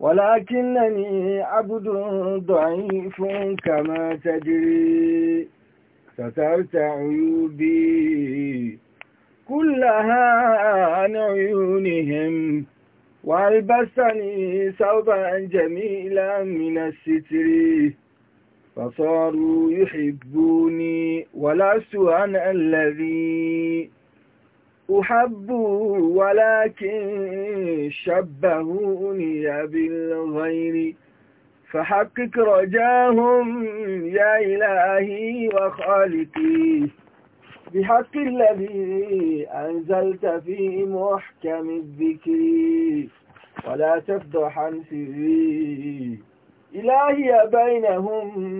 ولكنني عبد ضعيف كما تدري سترت عيوبي كلها عن عيونهم وألبسني ثوبا جميلا من الستر فصاروا يحبوني ولست أنا الذي أحبوا ولكن شبهوني بالغير فحقق رجاهم يا إلهي وخالقي بحق الذي أنزلت في محكم الذكر ولا تفضحا سري إلهي بينهم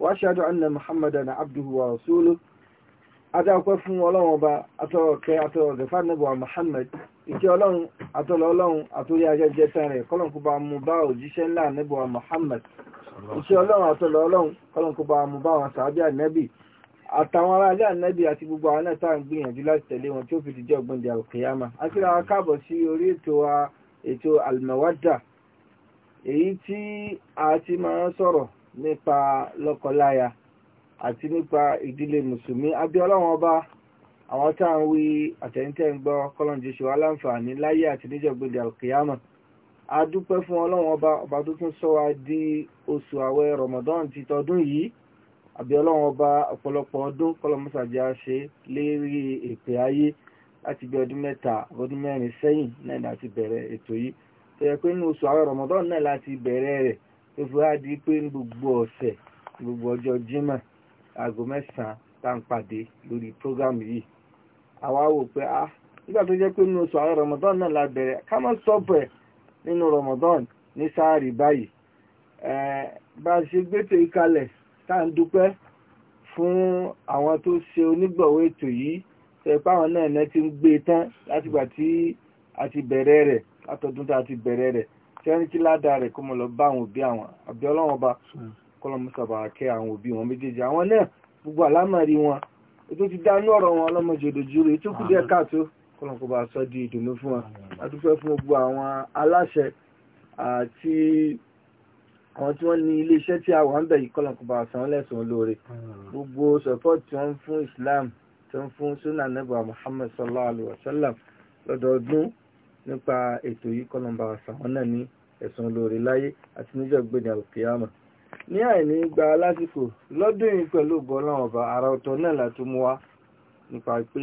وأشهد أن محمدا عبده ورسوله adáwọ̀pẹ́ fún ọlọ́run ọba atọ́ọ̀kẹ́ atọ́ọ̀gẹ̀fà níbọ̀ Muhammad ìkẹ́ ọlọ́run atọ́lọ ọlọ́run àtórí ajẹ́jẹ́ tán rẹ̀ kọ́lọ̀kú bá mú bá òjíṣẹ́ ńlá níbọ̀ Muhammad ìkẹ́ ọlọ́run atọ́lọ ọlọ́run kọ́lọ̀kú bá mú bá wọn sàábí ànẹ́bì àtàwọn ará ajá ànẹ́bì àti gbogbo àwọn náà tá à ń gbìyànjú láti tẹ̀lé wọn èyí tí a ti máa ń sọ̀rọ̀ nípa lọ́kọláya àti nípa ìdílé mùsùlùmí abíọ́láwọn ọba àwọn tá à ń wí àtẹ̀yìntẹ̀ ń gbọ́ kọ́lọ́njì ṣe wá láǹfààní láyé àti níjọ̀gbìndì alkiyama a dúpẹ́ fún ọlọ́run ọba ọba tó sọ wá di oṣù àwẹ̀ ramadan ti tọdún yìí abíọ́láwọn ọba ọ̀pọ̀lọpọ̀ ọdún kọ́lọ́mùsàjà ṣe lérí èpè ayé láti bí ọdún mẹ́ta ọdún mẹ́rin sẹ́yìn náà láti bẹ̀rẹ̀ ètò yìí tó pé nínú oṣù àwẹ̀ ramadan náà láti bẹ̀rẹ̀ rẹ̀ tó fi wá di pé ní gbogbo ọ̀sẹ̀ gbogbo ọjọ́ Jímọ̀ aago mẹ́sàn-án tá à ń pàdé lórí program yìí àwa wò pé ah nígbà tó jẹ́ pé nínú oṣù àwọn Ramadan náà la bẹ̀rẹ̀ ká má sọ̀bẹ̀ nínú Ramadan ní sáàrì báyìí bá a ṣe gbẹ́tò ìkalẹ̀ tá à ń dúpẹ́ fún àwọn tó ṣe onígbọ̀wọ́ ètò yìí tẹ̀pá àwọn náà náà ti ń gbé tán látìgbà tí a ti bẹ̀rẹ̀ rẹ̀ látọdún tá a ti bẹ̀rẹ̀ rẹ̀ kẹrin kí ládàá rẹ̀ kó mọ̀ lọ bá àwọn òbí àwọn àbí ọlọ́wọ́n bá kọ́lọ́mùsàbà kẹ́ àwọn òbí wọn méjèèjì àwọn náà gbogbo àlámàrí wọn ètò ti dánú ọ̀rọ̀ wọn ọlọ́mọdé òdòjú rẹ̀ tó kù díẹ̀ káàtó kọ́lọ́kọ́ bá sọ di ìdùnnú fún wa adúpẹ́ fún gbogbo àwọn aláṣẹ àti àwọn tí wọ́n ní iléeṣẹ́ tí a wà ń bẹ̀ yìí kọ́lọ́kọ́ bá san lẹ́sùn support tí Islam tí wọ́n ń Muhammad sallallahu alayhi wa sallam nípa ètò yìí kọ́lọ̀mbà àsàwọn náà ní ẹ̀sùn olóore láyé àti níjọ́ gbẹ̀dẹ̀ àlùkìyàmà ní àìní gba lásìkò lọ́dún yìí pẹ̀lú bọ́lọ́n ọba ara ọ̀tọ̀ náà láti mú wa nípa pé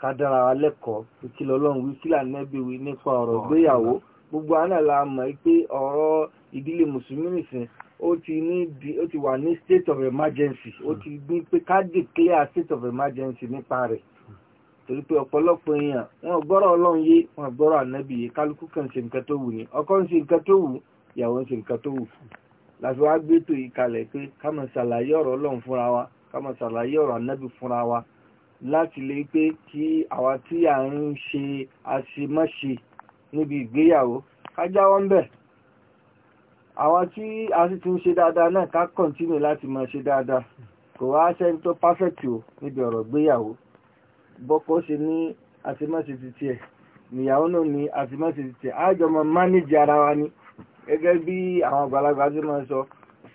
ká dára wa lẹ́kọ̀ọ́ pé kí lọ́lọ́run wí kí lànẹ́bí wí nípa ọ̀rọ̀ ìgbéyàwó gbogbo àná la mọ̀ pé ọ̀rọ̀ ìdílé mùsùlùmí nìsín ó ti wà ní state of emergency ó ti ní pé ká declare state of emergency nípa rẹ̀ torí pé ọ̀pọ̀lọpọ̀ èèyàn wọn gbọ́rọ̀ ọlọ́run yé wọn gbọ́rọ̀ ànábì yé kálukú kan ṣe nǹkan tó wù ní ọkọ ń ṣe nǹkan tó wù ìyàwó ń ṣe nǹkan tó wù fún láti wá gbé tó ìkalẹ̀ pé ká máa ṣàlàyé ọ̀rọ̀ ọlọ́run fúnra wa ká máa ṣàlàyé ọ̀rọ̀ ànábì fúnra wa láti lè pé kí àwa tí à ń ṣe àṣemáṣe níbi ìgbéyàwó ká jáwọ́ ń bẹ̀ àwa tí a sì ti ń ṣe dáadáa náà ká kọ̀ntínú láti máa ṣe dáadáa kò wá ṣẹ́ni tó pásẹ̀tì ò níbi ọ̀rọ̀ ìgbéyàwó bọ́kọ́ ṣe ní àtimáṣe ti tiẹ̀ nìyàwó náà ní àtimáṣe ti tiẹ̀ àjọ máa mánéjì ara wa ni gẹ́gẹ́ bí àwọn àgbàlagbà ti máa sọ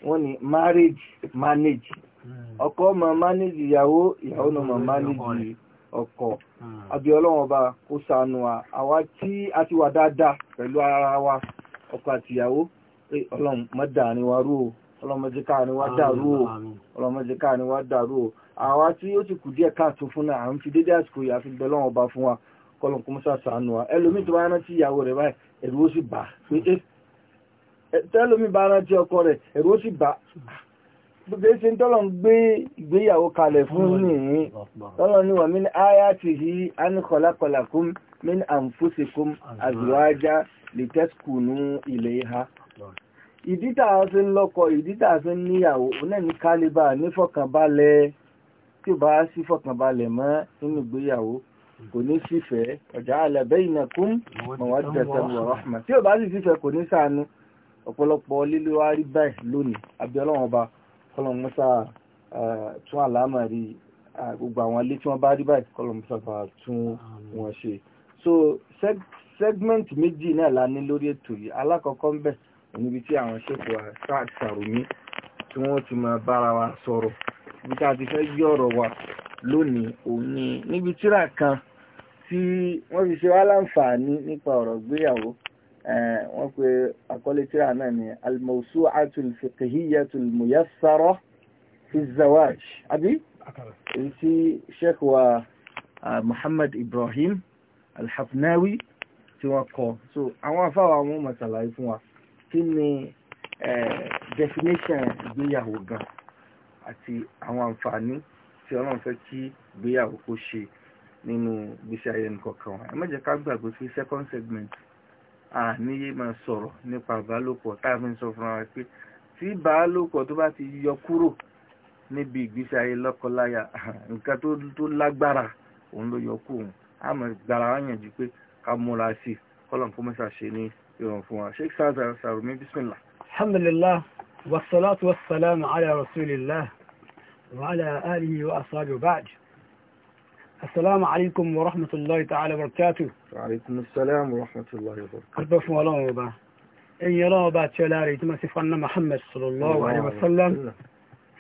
wọ́n ní marriage manage hmm. ọkọ máa mánéjì ìyàwó ìyàwó náà máa mánéjì hmm. hmm. ọkọ àbí ọlọ́wọ́n ọba kó ṣàánú wa àwa tí a ti wà dáadáa pẹ̀lú ara wa ọkọ àti ìyàwó ọlọ́run mọ́dà ni wa rú o ọlọ́run mọ́dà ni wa dàrú o ọlọ́run mọ́dà ni wa dàrú o àwa tí ó ti kù díẹ̀ káàtó fún náà à ń fi dédé àsìkò yìí àfi bẹ lọ́wọ́ ọba fún wa kọlọ̀n kó mọ́sá sànù wa ẹlòmíì tó bá rántí ìyàwó rẹ̀ báyìí ẹ̀rù ó sì bà pé tẹ́lómi bá rántí ọkọ rẹ̀ ẹ̀rù ó sì bà gbogbo ṣe ń tọ́lọ̀ ń gbé ìgbéyàwó kalẹ̀ fún nìyí tọ́lọ̀ ní wà mí ní áyá ti rí anikọlákọlákún mí ní àǹfóṣekún àzùwájá lè tẹ́sùkùnú ilẹ̀ ha ìdítà fi ń lọ́kọ ìdítà fi ń níyàwó náà ní kálíbà nífọ̀kànbalẹ̀ tí ó bá sí fọkànbalẹ̀ mọ́ nínú ìgbéyàwó kò ní sífẹ́ ọjà alẹ́bẹ́ ìnàkún mawaddatan wa rahma tí ó bá sì sífẹ́ kò ní ṣàánú ọ̀pọ̀lọpọ̀ lílo wárí báyìí lónìí àbí ọlọ́run ọba kọlọmọsá tún àlámàrí gbogbo àwọn ilé segment méjì náà la ní lórí ètò yìí alákọ̀ọ́kọ́ ń bẹ̀ níbi tí àwọn ṣètò sáà sàrùmí tí wọ́n ti máa bára wa sọ̀rọ̀ ibi tá a ti fẹ́ gbé ọ̀rọ̀ wa lónìí òun ni níbi tíra kan tí wọ́n fi ṣe wá láǹfààní nípa ọ̀rọ̀ gbéyàwó wọ́n pe àkọlé tíra náà ni al-mawsu'atul fiqhiyyatul muyassara fi zawaj àbí èyí tí sheikh wa Muhammad Ibrahim al tí wọ́n kọ so àwọn afáwà wọn mọ̀ fún wa kí ni definition ìgbéyàwó gan-an àti àwọn àǹfààní tí ọlọ́run fẹ́ kí ìgbéyàwó kó ṣe nínú gbèsè ayé nìkọ̀ọ̀kan wọn. ẹ má jẹ́ ká gbàgbé sí second segment àníyé máa sọ̀rọ̀ nípa ìbálòpọ̀ tá a fi ń sọ fún wa pé tí ìbálòpọ̀ tó bá ti yọ kúrò níbi ìgbésí ayé lọ́kọláya nǹkan tó lágbára òun ló yọ kú òun a mọ̀ gbàrà wáyànjú pé ká múra sí kọ́lọ̀ kó mẹ́sà ṣe ní ìrọ̀rùn fún wa sheikh sadar sarumi bismillah. alhamdulillah والصلاة والسلام على رسول الله وعلى آله وأصحابه بعد السلام عليكم ورحمة الله تعالى وبركاته وعليكم السلام ورحمة الله وبركاته أربع الله وبا إن يرى بعد شلاري تمسفن محمد صلى الله عليه وسلم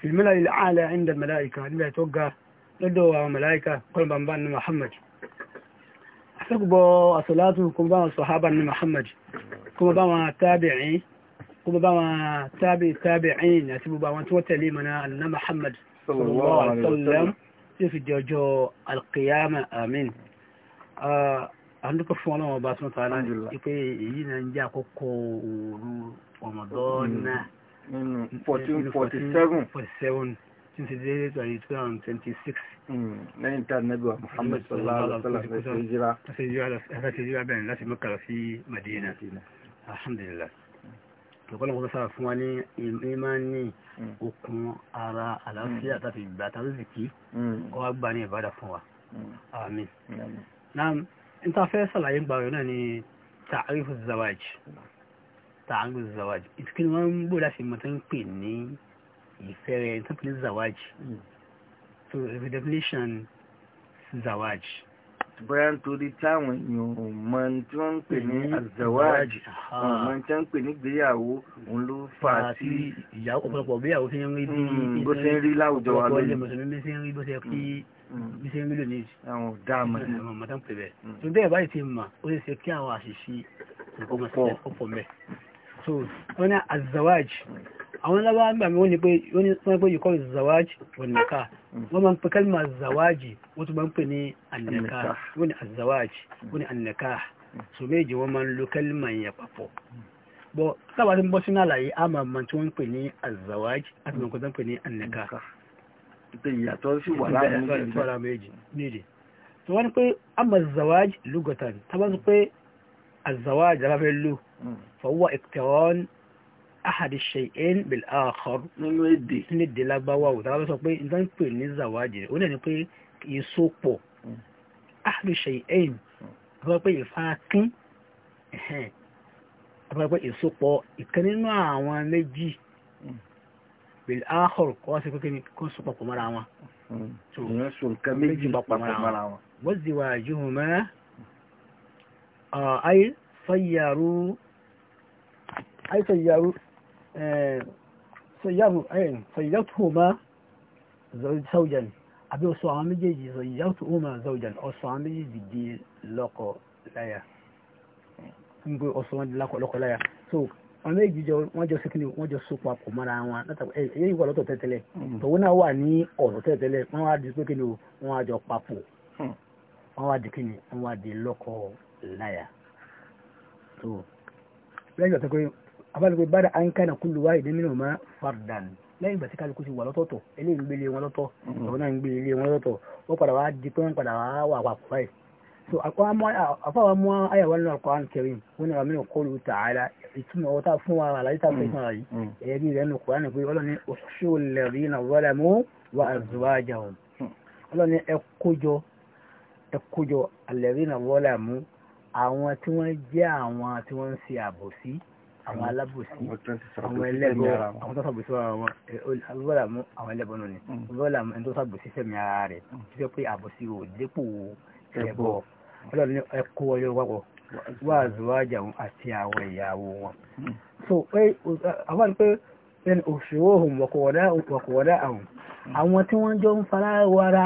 في الملأ الأعلى عند الملائكة الملأ يتوقع لدوا ملائكة قل بان محمد أحسن بو الصلاة كم بان الصحابة محمد كم بان التابعين kuma ba ma tabi tabi'in àti gbogbo àwọn tí wọ́n tẹ̀lé mana anna muhammad sallallahu alaihi wasallam tí fi di ọjọ́ alkiyama amin an duka fún ọlọ́wọ́ bá tún tààrà ipe èyí na ń kẹkọọ lọkọ sáà fún wa ní ìmánì hmm. okun ara àlàáfíà hmm. tàbí ìgbà tàbí zìkì kọ wá gbà ní ìbádà fún wa hmm. àmín naam n ta fẹ́ sàlàyé gbà rẹ̀ náà ni ta'arifu zawaj ta'arifu zawaj ìtìkí ni wọ́n ń bò láti mọ̀ ń pè ní ìfẹ́ rẹ̀ ń pè ní zawaj so the definition zawaj. Mm bóyá nítorí táwọn èèyàn mọ tí wọ́n ń pè ní àzẹ̀wáàjì wọn mọ tí wọ́n ń pè ní ìgbéyàwó òun ló fà á sí ìyàwó ọ̀pọ̀lọpọ̀ ìgbéyàwó fi ń rí bí hmm, bó ṣe ń rí láwùjọ wa lónìí mùsùlùmí ṣe ń rí bó ṣe kí hmm, hmm. bí ṣe ń rí lónìí àwọn ọ̀dà àmọ́ tó ń pè bẹ́ẹ̀ tó bẹ́ẹ̀ báyìí ti mà ó ṣe ṣe kí àwọn àṣìṣe ọ̀pọ̀ mẹ́ so wọ́n ní àzẹ̀wáàjì àwọn lábá gbàmí wọ́n ni pé wọ́n pé yíkọ́ zawaji wọnàká wọ́n máa ń pẹ kalma zawaji wọ́n tó máa ń pẹ ní annaka wọ́n ni azawaji wọ́n ni annaka mm. so méjì wọ́n máa ń lo kalma yẹn papọ̀ bọ́ sábà tí ń bọ́ sínú àlàyé a máa máa tí wọ́n ń pè ní azawaji àti wọn kò tán pè ní annaka ìyàtọ̀ sí wà láàrin méjì tó wọ́n ni pé ama zawaji lugatan tá bá sọ pé azawaji aláfẹ́ lò mm. fọwọ́ ìkẹwọ́n ahadi shay'in bil akhar nínú èdè nínú èdè lágbáwá ò tàbí sọ pé nǹkan pè ní zawaji ó dẹ̀ ni pé ìsopọ̀ ahadi shay'in àbúrò pé ìfakín àbúrò pé ìsopọ̀ ìkan nínú àwọn méjì bil akhar kọ́ sí pé kí wọ́n sopọ̀ pọ̀ mọ́ra wọn. ìyẹn so wọ́n sì wà jùmọ̀ mẹ́ ayé fayyaru ayé fayyaru sayyatuhuma zawjan àbí ó sọ àwọn méjèèjì sayyatuhuma zawjan ó sọ àwọn méjèèjì di lọ́kọ láya ń gbé ó sọ wọn di lọ́kọ láya so àwọn méjì jọ wọ́n jọ síkìlì wọ́n jọ so papọ̀ mọ́ra wọn látàkùn ẹ èyí wà lọ́tọ̀ tẹ́tẹ́lẹ̀ tòun náà wà ní ọ̀rọ̀ tẹ́tẹ́lẹ̀ wọ́n wá di pé kí ni o wọ́n wá di papọ̀ wọ́n di di abálùgbé bára à ń kánà kúlù wáyé dé fardan lẹ́yìn ìgbà tí kálukú ti wà lọ́tọ̀ọ̀tọ̀ eléyìí ń gbélé wọn lọ́tọ̀ ìwọ mm-hmm. náà ń gbélé wọn lọ́tọ̀ ó padà wá di pé wọ́n padà wá wà wà pọ̀ báyìí so àfọwọ́ mú àyàwó nínú Al-Qur'an Karim wọn ni àmì qawlu ta'ala ìtumọ̀ ọwọ́ tá fún wa àlàyé tá fún wa yìí mm-hmm. Mm-hmm. ẹ̀rí rẹ̀ nù Qur'an pé ọlọ́ni ushul ladhina zalamu wa azwajahum ọlọ́ni ẹ kójọ ẹ kójọ alladhina zalamu àwọn tí wọ́n jẹ́ àwọn mm. alábòsí àwọn ẹlẹ́bọ àwọn tó sàbòsí ara wọn olùbọ́là mú àwọn ẹlẹ́bọ náà ni olùbọ́là mm. mú ẹni tó sàbòsí fẹ̀mí ara rẹ̀ mm. tó fẹ́ pé àbòsí ò dépò ẹbọ ọlọ́run ní ẹkọ ọyọ wákọ̀ wá àzúwájà wọn àti àwọn ìyàwó wọn. so àwọn ni pé òṣèwò òhùn wọ̀kọ̀wọ̀dá àwọn tí wọ́n jọ ń fara wara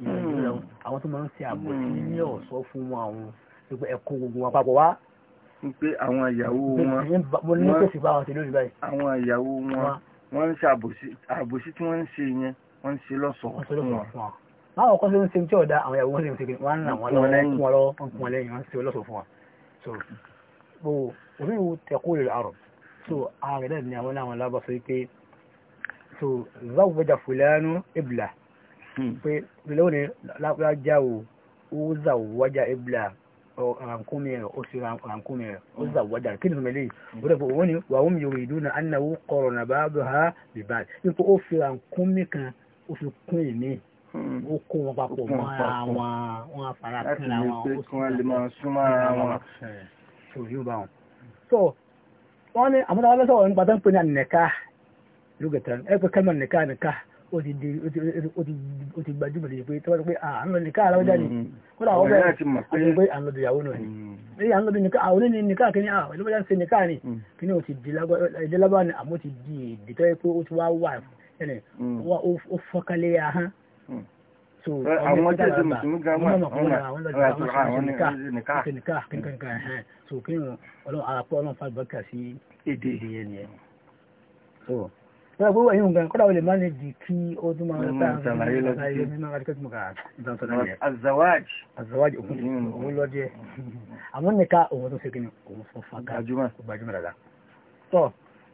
ìrìnlẹ̀ hmm. àwọn tó máa ń ṣe àbò sí hmm. ní ọ̀sọ́ fún wọn àwọn ẹ̀kọ́ gbogbo wọn papọ̀ wá. pé àwọn ìyàwó wọn mo ní kò sí bá wọn ṣe lórí báyìí. àwọn ìyàwó wọn wọn ń ṣe àbòsí tí wọ́n ń ṣe yẹn wọ́n ń ṣe lọ́sọ̀ọ́ fún wọn. báwọn kan ṣe ń ṣe tí ọ̀dà àwọn ìyàwó wọn ṣe ń ṣe wọn ń ràn wọn lọ́wọ́ wọn wọn lọ́wọ́ wọn wọn lẹ́yìn wọn ń ṣe lọ́sọ̀ọ́ fún wọn. so pé lọ́wọ́ ni lápájá o ó zà wájà ebla rankumi rẹ̀ ó sì rankumi rẹ̀ ó zà wájà kí ni fún mi lè ó dẹ̀ fún òun ni wà ó mi yòrò ìdú na anáwó kọ̀rọ̀ nà bá bẹ̀ ha bì báyìí nípa ó fi rankumi kan ó fi kún ìní hmm. ó kó wọn papọ̀ mọ́ ara wọn wọn afárá kíra wọn ó sì súnmọ́ ara wọn. so yóò bá wọn. so wọ́n ní àmúdáwọ́lẹ́sọ̀rọ̀ nípa tó ń pè ní ànìkà lóògùn tán ẹ ó ti di ó ti gbajúmọ̀ lè pé tó bá ti pé àánú nìka ara ọjà ni kódà àwọn bẹ́ẹ̀ àti pé àánú ọdún ìyàwó náà ni mm. èyí àánú ọdún nìka àwọn oníní nìka kìíní àwọn ìlú bọ́jà ń ṣe nìka ni mm. kìíní ó ti di lágbára ni àmọ́ ti di èdè tó yẹ pé ó ti wá wà ẹni mm. ó fọ́kálẹ̀ ahán. àwọn ọjọ́ ìṣe mùsùlùmí gan wà àwọn ọjọ́ ìṣe nìka kankan ẹ̀hán so kí ni ọlọ́run àpọ̀ ọlọ́run fàgbọ́kà sí èdè yẹn ni ẹ̀ Ìgbà gbogbo ẹ̀yìn nǹkan kọ́dà olè máa ní jì kí ó tún máa rẹ̀ sàlàyé lọ́sí. Azawaj. Azawaj òun lọ díẹ̀. Àmọ́ nìka òun tó ṣe kí ni òun fún fàgá. Gbajúmọ̀. Gbajúmọ̀ dada. Tọ́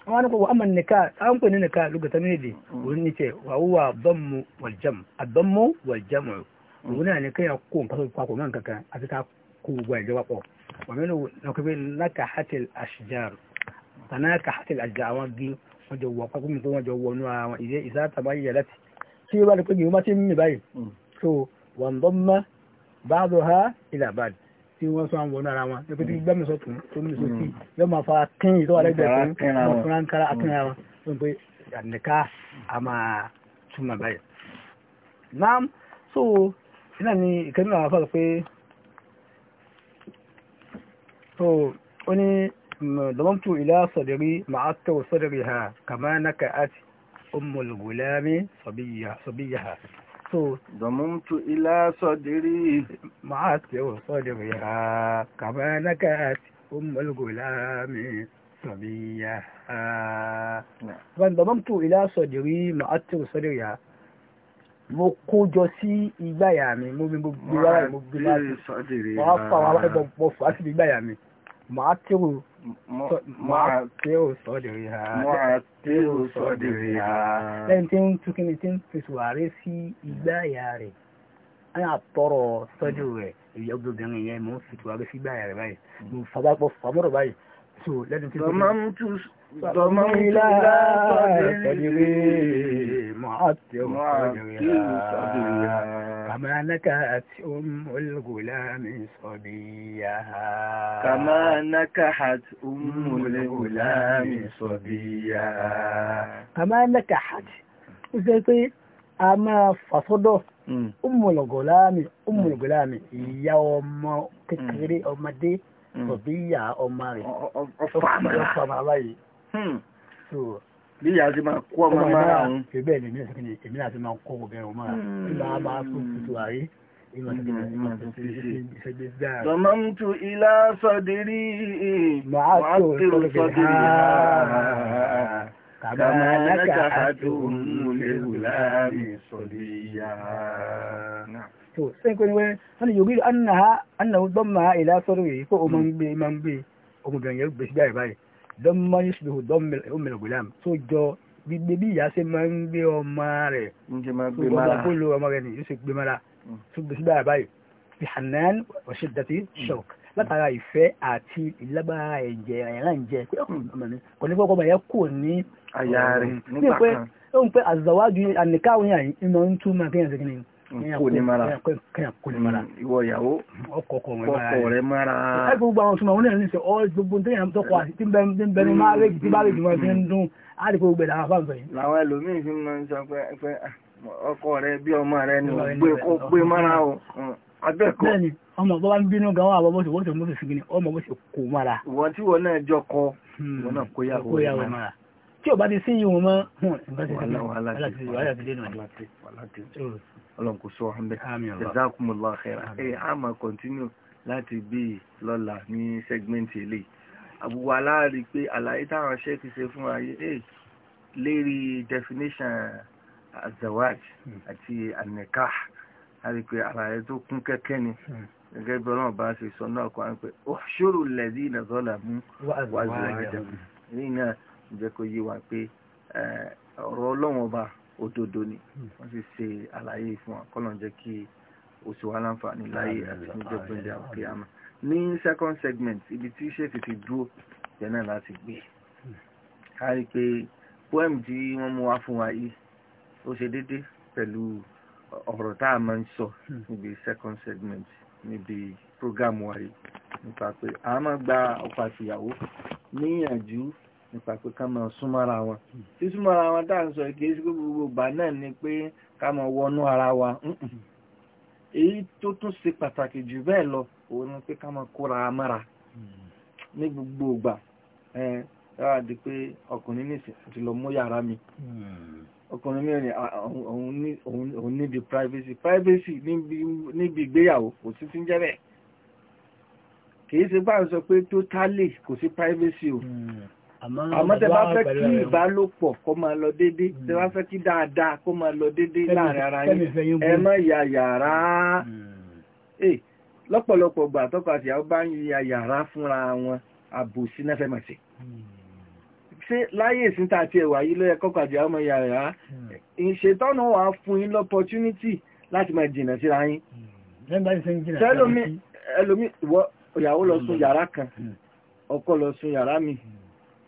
àwọn anìkọ̀ wà ámà nìka àwọn pè ní nìka lùgàtà méjì mm. òun ní tẹ̀ wà wúwà àbọ̀mù wàljàm àbọ̀mù wàljàm òun náà ní kí a kó nǹkan tó papọ̀ mọ́ nǹkan kan àti ká kó gbogbo ìjọba pọ̀ wà mí wọ́n jọ wọ̀ pápá mi pé wọ́n jọ wọ inú ara wọn ìdí ìsáàtà bá yẹ láti tí ó ní pé ti ń mì báyìí mm. so wọ́n bọ́ mọ́ báàdọ̀ ha ilà báàdì tí wọ́n sọ àwọn ara wọn ẹgbẹ́ tí gbẹ́mí sọ tún tó ní sókè mm. yóò máa fara kín ìtọ́wà lẹ́gbẹ̀ẹ́ fún ọkùnrin ankara so iná ni ìkẹ́ni àwọn so ó ضممت إلى صدري معدت صدرها كما نكأت أم الغلام صبية صبيها so ضممت إلى صدري معدت صدرها كما نكأت أم الغلام صبية صبيها فانضممت إلى صدري معدت صدرها mo kójọ sí ìgbàyà mi mo bí gbogbo ara mo bí láti mo á fà wọn àwọn ẹgbọn pọ fà á sí ìgbàyà mi mọ̀átírù sọ́dìrì ha mọ̀átírù sọ́dìrì ha lẹ́yìn tí ń túnkí ni tí ń fi sùwárí sí igbá ìyá rẹ̀ á yà tọrọ sọ́dìrì rẹ̀ ìyá obìnrin yẹn mọ̀ fi sùwárí sí igbá ìyá rẹ̀ báyìí mo fàbápọ̀ fàmọ́rọ̀ báyìí so lẹ́yìn tí ń túnkí ni. Tọ́mọ́ ilá sọ́dìrì mọ̀átírù sọ́dìrì ha. كما نكحت أم الغلام صبيها كما نكحت أم الغلام صبيها كما نكحت وزيتي أما فصدو أم الغلام أم الغلام يوم تكري أم دي صبيها أم ماري أفهم أفهم علي bí ìyá ti máa kó ọmọ mára àwọn. bẹ́ẹ̀ ni èmi náà hmm. ti máa kó obìnrin ọmọ rà nígbà bá fún tuntun àrí. ضممت إلى صدري معطر صدري كما نكحت أم الغلام صبيا to sai kun wani wani yogi da annaha annahu dhamma ila sarwi ko umman bi man bi umman bi yar bi shi bai bai dọ́mọ́ yusufu dọ́mọ́ ọmọlẹ̀ gulam tó jọ gbígbé bí ìyá ṣe máa ń gbé ọmọ rẹ̀ tó bá kó lo ọmọ rẹ̀ ní yóò ṣe gbé mọ́ra tó gbèsè báyà báyìí fi hanan ọ̀ṣẹ́dàtì shock látara ìfẹ́ àti ìlágbára ẹ̀jẹ̀ àyàránjẹ pé kò ní fọ́kọ́ bàyẹ̀ kò ní àyà rẹ̀ nígbà kan ó ń pẹ́ àzọ̀wájú àníkáwìn àyìn ìmọ̀ ń túmọ̀ kéèyàn sí kìnìún kò ní mara mm, ìwọ ìyàwó ọkọ rẹ mara. ẹ gbogbo àwọn sọmọ wọn náà ní sọ ọ gbogbo ní tẹyàn tọkọ àti tí ń bẹ ní máa rẹ tí bá rẹ jùmọ fi ń mm. dún á rí gbogbo ìdára fáwọn sọ yìí. làwọn ẹlòmíín fi máa ń sọ pé pé ah, ọkọ rẹ bí ọmọ rẹ ni gbé kó gbé mara o mm, abẹ́kọ̀ọ́. bẹ́ẹ̀ni ọmọ bọ́ bá ń bínú gan-an àwọn bọ́sẹ̀ wọ́n ti mú sí kí ni ọmọ bọ́sẹ̀ kò mara. ìwọ tí wọn náà jọ kọ hmm, wọn náà kó yàwó rẹ mara tí ò bá ti sí ìhun mọ́ ọlọ́nkù sọ ọ̀hánbẹ́ jazakumullahu khairan ẹ̀yẹ a máa kọ̀ntínú láti bí lọ́la ní sẹ́gmẹ́ntì ilé àbúwò aláàrí pé àlàyé táwọn ṣẹ́kì ṣe fún ayé ẹ̀ eh, lérí definition azawaj hmm. àti an-nikah àrí pé àlàyé tó kún kẹ́kẹ́ ni hmm. gẹ́gẹ́ bí ọlọ́run bá ṣe sọ náà kọ́ àwọn pé uḥshuru alladhina zalamu wa azwajahum ń jẹ́ kó yé wa pé ọ̀rọ̀ ọlọ́wọ́n ọba òdodo ni hmm. wọ́n sì ṣe àlàyé fún wa kọ́lọ̀ ń jẹ́ kí oṣù wa láǹfààní láyé àti níjọ́ gbẹ̀ndẹ̀ àwòké àmà ní second segment ibi tí ṣèkì ti dúró yẹn náà láti gbé hmm. a rí i pé poem tí wọ́n mú wá fún wa yìí ó ṣe déédé pẹ̀lú ọ̀rọ̀ tá a máa ń sọ hmm. níbi second segment níbi program wa yìí nípa pé a máa gba ọkọ àtìyàwó níyànjú nípa pé ká máa súnmọ́ra wọn tí súnmọ́ra wọn tá à ń sọ kìí sí gbogbo ìgbà náà ni pé ká máa wọnú ara wa èyí tó tún ṣe pàtàkì jù bẹ́ẹ̀ lọ òun ni pé ká máa kóra amára mm-hmm. ní gbogbo ìgbà ẹ yára di pé ọkùnrin ní ìsìn àti lọ mú yàrá mi mm-hmm. ọkùnrin mi òun níbi privacy privacy níbi ìgbéyàwó kò sí ti ń jẹ́ bẹ́ẹ̀ kìí ṣe bá ń sọ pé totally kò sí privacy o. Mm àmọ́ tẹ bá fẹ́ kí ìbálòpọ̀ kó máa lọ dédé hmm. tẹ bá fẹ́ kí dáadáa kó máa lọ dédé láàrin ara yín ẹ má ya yàrá hmm. eh, lọ́pọ̀lọpọ̀ gbà tọ́kọ àti ìyàwó bá ń ya yàrá fúnra wọn àbòsí náà fẹ́ máa ṣe hmm. ṣe láyé ìsìn tá àti ẹ̀wà yìí ló yẹ kọ́kọ́ àti àwọn yàrá ìṣètọ́nù wà fún yín lọ́pọ̀túnítì láti máa jìnà síra yín ẹlòmí ìyàwó lọ sùn yàrá kan ọkọ lọ sùn yàrá mi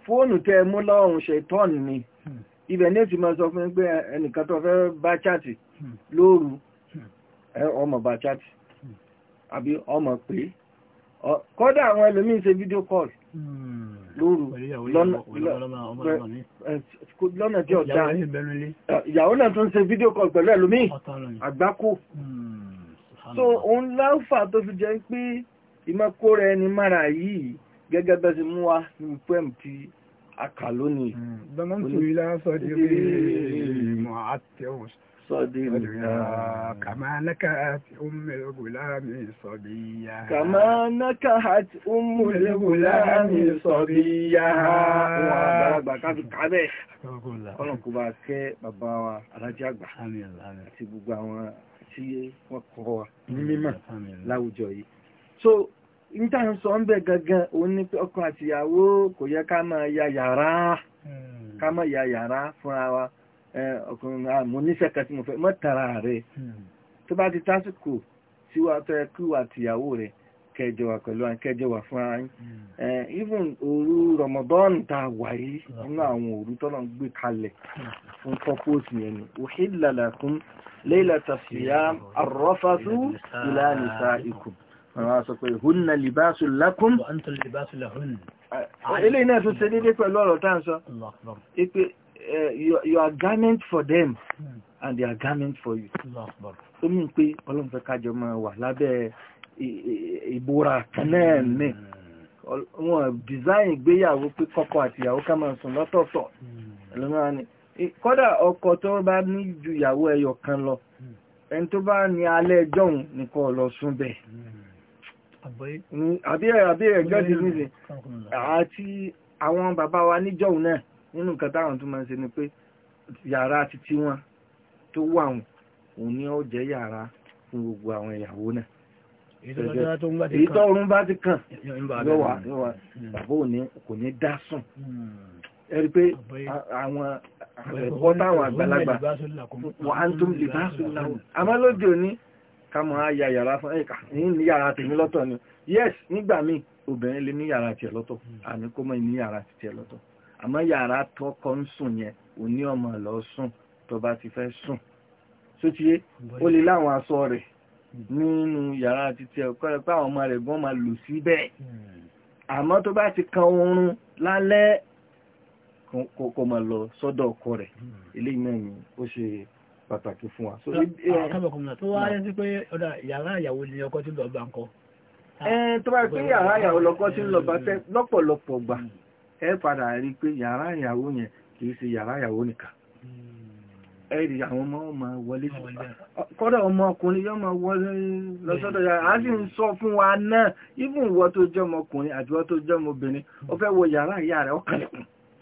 fóònù tẹ́ mú lọ́rùn ṣetán ni hmm. ibẹ̀ ní èsì máa sọ fún pé ẹnìkan tó fẹ́ bá chati hmm. lóru hmm. ọmọ bá chati àbí ọmọ pé kọ́dà àwọn ẹlòmíín ṣe fídíò kọ́ọ̀lù lóru lọ́nà tí ọ̀dá ìyàwó náà tún ṣe fídíò kọ́ọ̀lù pẹ̀lú ẹlòmíín àgbákò so òun láǹfà tó fi jẹ́ pé ìmọ̀kó rẹ ni mára yìí gẹ́gẹ́ bẹ́ẹ̀ ti mú wa ní pẹ́m ti aka lónìí. bẹ́ẹ̀ mọ́ ìlà sọ́dí rí mọ́ àtẹ̀wọ̀n sọ́dí rí kàmánàkà àti umulgulami sọ̀bíyà. kàmánàkà àti umulgulami sọ̀bíyà. àwọn àgbàlagbà káfí kábẹ́ ọlọ́run kò bá kẹ́ bàbá wa alájà àti gbogbo àwọn tí wọ́n kọ́ wa ní mímọ̀ láwùjọ yìí. so níta ń sọ ń bẹ̀ gangan òun ní pé k'ama àtìyàwó kò yẹ ká máa ya yàrá hmm. ká máa ya yàrá fúnra wa ọkùnrin àmọ́ oníṣẹ́ kan tí mo fẹ́ mọ́ tara hmm. tó bá ti tásìkò tí wàá tọ́ ẹ kí wà àtìyàwó rẹ̀ kẹjọ wà pẹ̀lú àkẹjọ wà fún ara yín hmm. even òru rọmọdọ́ọ̀nù tá a wà yìí nínú àwọn òru tọ́lọ̀ ń gbé kalẹ̀ fún pọ́pọ́sì yẹn ni òhìlàlà tàfíà àwọn aṣọ pé hunna libasul lakum wa antum libasul lahun eléyìí náà tún ṣe dédé pẹ̀lú ọ̀rọ̀ tá à ń sọ ipe you are garment for them hmm. and they are garment for you ó mú pé ọlọ́run fẹ́ kájọ máa wà lábẹ́ ìbora kan náà ní hmm. wọn design ìgbéyàwó pé kọ́kọ́ àti ìyàwó ká máa sùn lọ́tọ̀ọ̀tọ̀ hmm. ẹlòmíràn ni kódà ọkọ tó bá ní ju ìyàwó ẹyọ kan lọ ẹni tó bá ní alẹ́ ẹjọ́ òun nìkan lọ sùn bẹ́ẹ̀. Hmm, àbí àbí ẹ̀gá ti nílẹ̀ àti àwọn bàbá wa níjọ́un náà nínú nǹkan táwọn tó máa ń ṣe ni pé yàrá títí wọn tó wà wọn òun ni ó jẹ́ yàrá fún gbogbo àwọn ìyàwó náà èyí tó ọrùn bá ti kàn lọ́wà lọ́wà hmm. bàbá òní kò ní dá sùn hmm. ẹ̀rí pé àwọn ẹ̀kọ́ táwọn àgbàlagbà wà á ń tó lè bá sùn láwọn àmọ́ lóde òní ká máa ya yàrá fún ẹ̀ka ní yàrá tèmi lọ́tọ̀ ni yes nígbà míì obìnrin lè ní yàrá tiẹ̀ lọ́tọ̀ àní kó mọ̀ ní yàrá tiẹ̀ lọ́tọ̀ àmọ́ yàrá tọkọ ń sùn yẹn ò ní ọmọ lọ sùn tó bá ti fẹ́ sùn sótíyé ó lè láwọn aṣọ rẹ̀ nínú yàrá títí ẹ̀kọ́ rẹ̀ pé àwọn ọmọ rẹ̀ gan máa lò síbẹ̀ àmọ́ tó bá ti kan oorun lálẹ́ kò mọ̀ lọ sọ́dọ̀ ọkọ rẹ̀ eléyìí náà ni ó ṣe pàtàkì fún wa. Eh, kábọ̀kùnrin tó wá yẹn sí pé yàrá ìyàwó ni ọkọ tí lọ bá ń kọ. Eh, tó bá pé yàrá ìyàwó lọkọ tí lọ bá fẹ́ lọ́pọ̀lọpọ̀ gbà hmm. ẹ padà rí i pé yàrá ìyàwó yẹn kì í ṣe yàrá ìyàwó nìkan hmm. ẹ̀rì àwọn ọmọ ọmọ wọlé ah, kọ́dọ̀ ọmọ ọkùnrin yọ́ ma wọlé lọ́sọ́dọ̀ yàrá a sì ń hmm. sọ fún wa náà ibùn ìwọ tó jẹ́ ọmọkùnrin àti ìwọ tó jẹ́ ọmọbìnrin ó fẹ́ wọ yàrá ìyá rẹ̀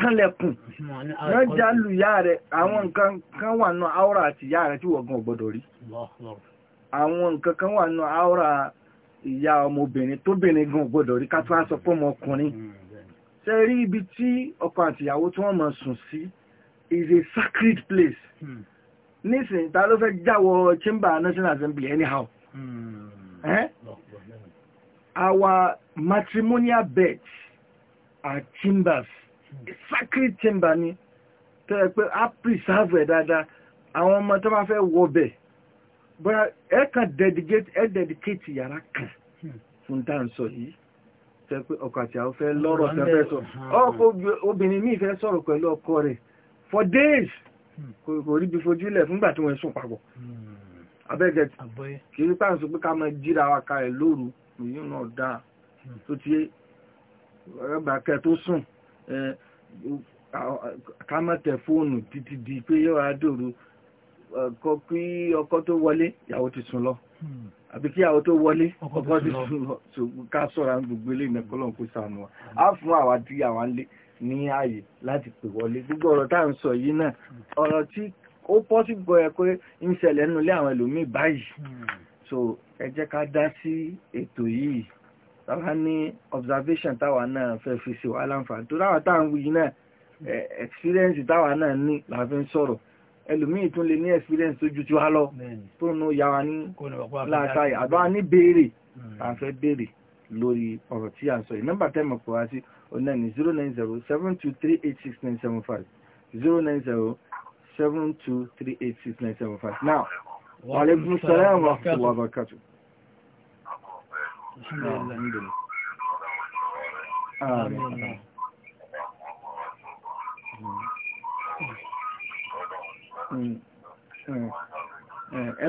kánlẹ̀kùn wọ́n já lù yá rẹ̀ àwọn nǹkan kan wà náà áwòrà àti ìyá rẹ̀ tí wọ̀gán ọ̀gbọ́dọ̀ rí àwọn nǹkan kan wà náà áwòrà ìyá ọmọbìnrin tóbìnrin gan ọ̀gbọ́dọ̀ rí kátó aṣọ pọ́ ọmọkùnrin ṣe rí ibi tí ọkọ àti ìyàwó tí wọ́n mọ̀ sùn sí is a sacred place nísìnyí ta ló fẹ́ jáwọ́ chamber national assembly anyhow our matrimonial beds are chambers The sacred chamber ni tó yẹ pé a preserve ẹ̀ dáadáa àwọn ọmọ tó bá fẹ́ wọ bẹ̀ bóyá ẹ kàn dedicate ẹ dedicate yàrá kan fún dáǹsọ yìí tẹ pé ọkọ àti àwọn fẹ́ lọ́rọ̀ tẹ fẹ́ sọ ọkọ obìnrin míì fẹ́ sọ̀rọ̀ pẹ̀lú ọkọ rẹ̀ for days kò rí bí fojúlẹ̀ fúngbà tí wọ́n sùn papọ̀ abẹ́gẹ̀ kì í pàǹsù pé ká máa jíra wa kalẹ̀ lóru èyí náà dáa tó ti ẹgbàá kẹ tó sùn ká má tẹ fóònù títí di pé yóò wá dòru kọ kí ọkọ tó wọlé ìyàwó ti sùn lọ hmm. àbí kí àwọn tó wọlé ọkọ ti sùn lọ ká sọ̀rọ̀ àwọn gbogbo eléyìí náà kọ́lọ́n kó sànù wa á fún àwa tí àwa ń lé ní ààyè láti pè wọlé gbogbo ọ̀rọ̀ tá à ń sọ yìí náà ọ̀rọ̀ tí ó pọ́sibú ẹ pé ń ṣẹlẹ̀ nulẹ̀ àwọn ẹlòmíì báyìí hmm. so ẹ jẹ́ ká dá sí ètò yìí tàbá ní observation táwa náà fẹ́ fi ṣe wà láǹfààní tó dáwà táà ń wuyi náà experience táwa náà ní làfi ń sọ̀rọ̀ ẹlòmíì tún lè ní experience tó ju ti wá lọ tó ń ya wa ní láàṣáyà àbá ní béèrè à hmm. béèrè lórí ọ̀rọ̀ tí à sọ yìí tẹ́mọ̀ pọ̀ wá sí ọ̀nà ní zero nine zero seven two three eight six nine seven five zero nine zero seven two three eight six nine seven five now wàlẹ́gùn sọ́lá àwọn àkùkù wàbàkàtù. ẹ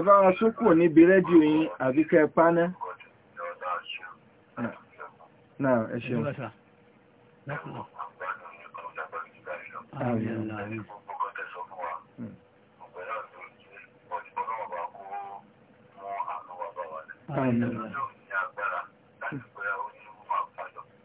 bá wa tún redio níbi rédíò yín àbíkẹ́ páná náà ẹ ṣeun Amen. Amen.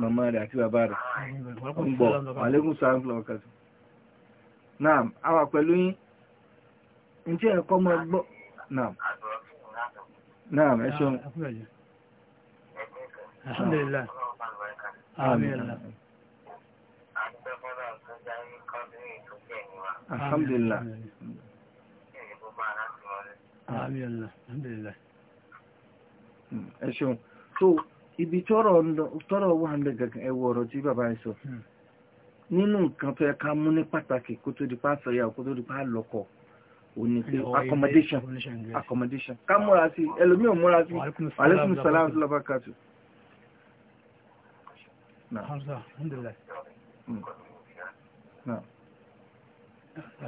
màmá rẹ̀ àti bàbá rẹ̀ ń bọ̀ alẹ́kùn sáàmùlọ̀ ọ̀kàtù náà àwà pẹ̀lú yín tí ẹ̀kọ́ mọ́ gbọ́ náà náà ẹ̀ṣọ́ alhamdulillah alhamdulillah alhamdulillah ẹ̀ṣọ́ so ibi tọrọ wà ń lẹ́gẹ̀ ẹwọ tí bàbá ń sọ hmm. nínú nǹkan tó yẹ ká mú ní pàtàkì kó tó di pa àfẹ́yà kó tó di pa àlọ́kọ òní pé accommodation accommodation ká múra sí ò múra sí hmm.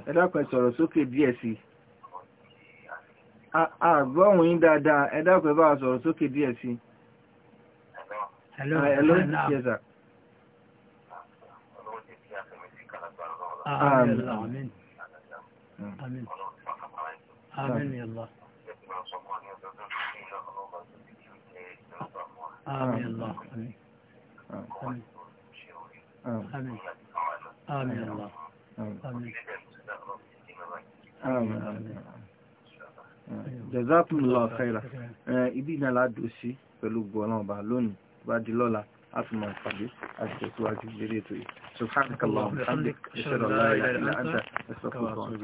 ẹ dákun ẹ sọ̀rọ̀ sókè díẹ̀ sí i yín dáadáa hello hello together. آمين آمين آمين آمين يا الله آمين الله آمين آمين آمين الله آمين آمين جزاكم الله خيرا ibi na la dosi pẹ̀lú gbọ́nà ọba lónìí بعد لولا عصم القدس أشهد أن لا إله إلا أنت أستغفرك